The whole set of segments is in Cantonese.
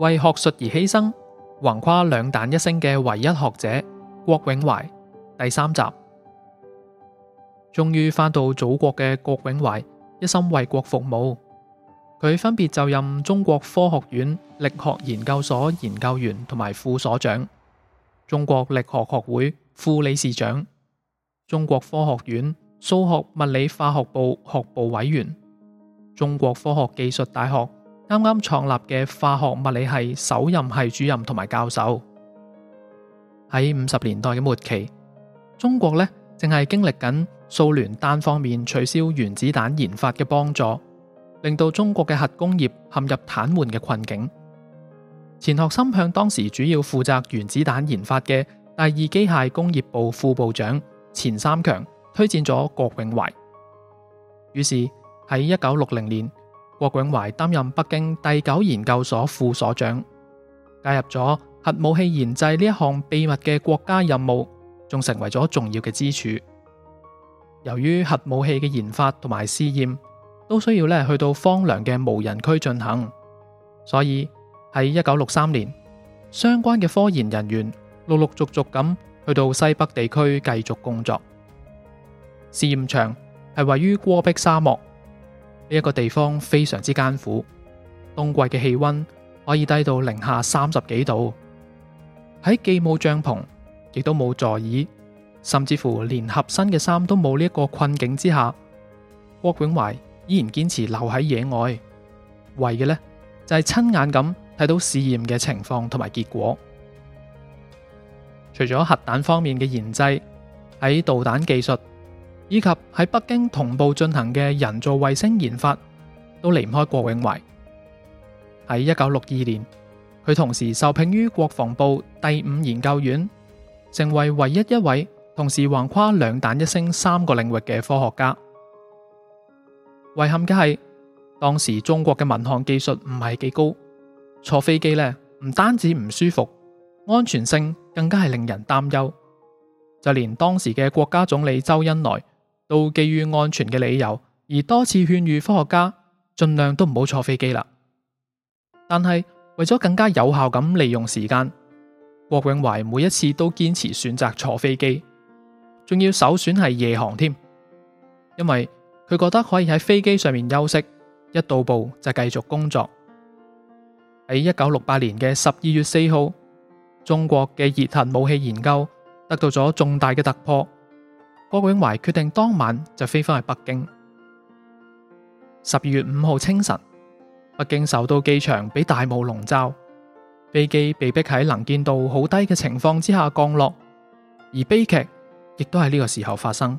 為學術而犧牲，橫跨兩彈一星嘅唯一學者郭永懷，第三集終於翻到祖國嘅郭永懷，一心為國服務。佢分別就任中國科學院力學研究所研究員同埋副所長，中國力學學會副理事長，中國科學院數學物理化學部學部委員，中國科學技術大學。啱啱創立嘅化學物理系首任系主任同埋教授。喺五十年代嘅末期，中國咧正係經歷緊蘇聯單方面取消原子彈研發嘅幫助，令到中國嘅核工業陷入癱瘓嘅困境。錢學森向當時主要負責原子彈研發嘅第二機械工業部副部長錢三強推薦咗郭永懷，於是喺一九六零年，郭永懷擔任北京第九研究所副所長，介入咗核武器研製呢一項秘密嘅國家任務，仲成為咗重要嘅支柱。由於核武器嘅研發同埋試驗都需要咧去到荒涼嘅無人區進行，所以喺一九六三年，相關嘅科研人員陸陸續續咁去到西北地區繼續工作。試驗場係位於戈壁沙漠。呢一個地方非常之艱苦，冬季嘅氣溫可以低到零下三十幾度，喺既冇帳篷，亦都冇座椅，甚至乎連合身嘅衫都冇呢一個困境之下，郭永懷依然堅持留喺野外，為嘅呢，就係親眼咁睇到試驗嘅情況同埋結果。除咗核彈方面嘅研製，喺導彈技術。以及喺北京同步進行嘅人造衛星研發，都離唔開郭永懷。喺一九六二年，佢同時受聘於國防部第五研究院，成為唯一一位同時橫跨兩彈一星三個領域嘅科學家。遺憾嘅係，當時中國嘅民航技術唔係幾高，坐飛機呢，唔單止唔舒服，安全性更加係令人擔憂。就連當時嘅國家總理周恩來。到基於安全嘅理由，而多次勸喻科學家盡量都唔好坐飛機啦。但係為咗更加有效咁利用時間，郭永懷每一次都堅持選擇坐飛機，仲要首選係夜航添，因為佢覺得可以喺飛機上面休息，一到埗就繼續工作。喺一九六八年嘅十二月四號，中國嘅熱核武器研究得到咗重大嘅突破。郭永懷決定當晚就飛返去北京。十二月五號清晨，北京首都機場俾大霧籠罩，飛機被逼喺能見度好低嘅情況之下降落，而悲劇亦都係呢個時候發生。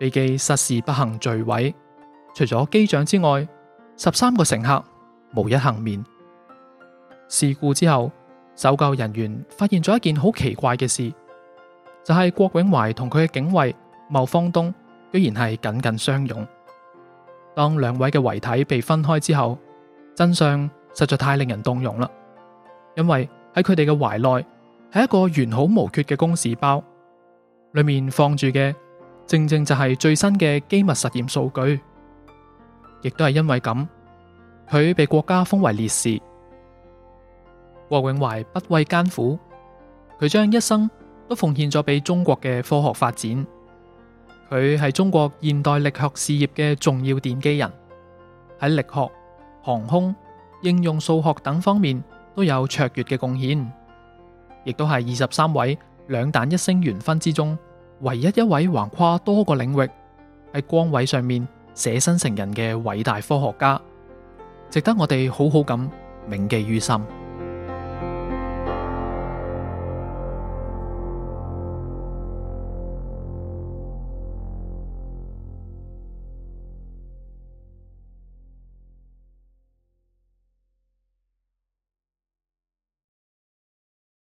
飛機失事不幸墜毀，除咗機長之外，十三個乘客無一幸免。事故之後，搜救人員發現咗一件好奇怪嘅事。就係郭永懷同佢嘅警衛牟方東，居然係緊緊相擁。當兩位嘅遺體被分開之後，真相實在太令人動容啦。因為喺佢哋嘅懷內，係一個完好無缺嘅公事包，裏面放住嘅正正就係最新嘅機密實驗數據。亦都係因為咁，佢被國家封為烈士。郭永懷不畏艱苦，佢將一生，都奉獻咗俾中國嘅科學發展，佢係中國現代力學事業嘅重要奠基人，喺力學、航空、應用數學等方面都有卓越嘅貢獻，亦都係二十三位兩彈一星元勳之中唯一一位橫跨多個領域喺崗位上面捨身成仁嘅偉大科學家，值得我哋好好咁銘記於心。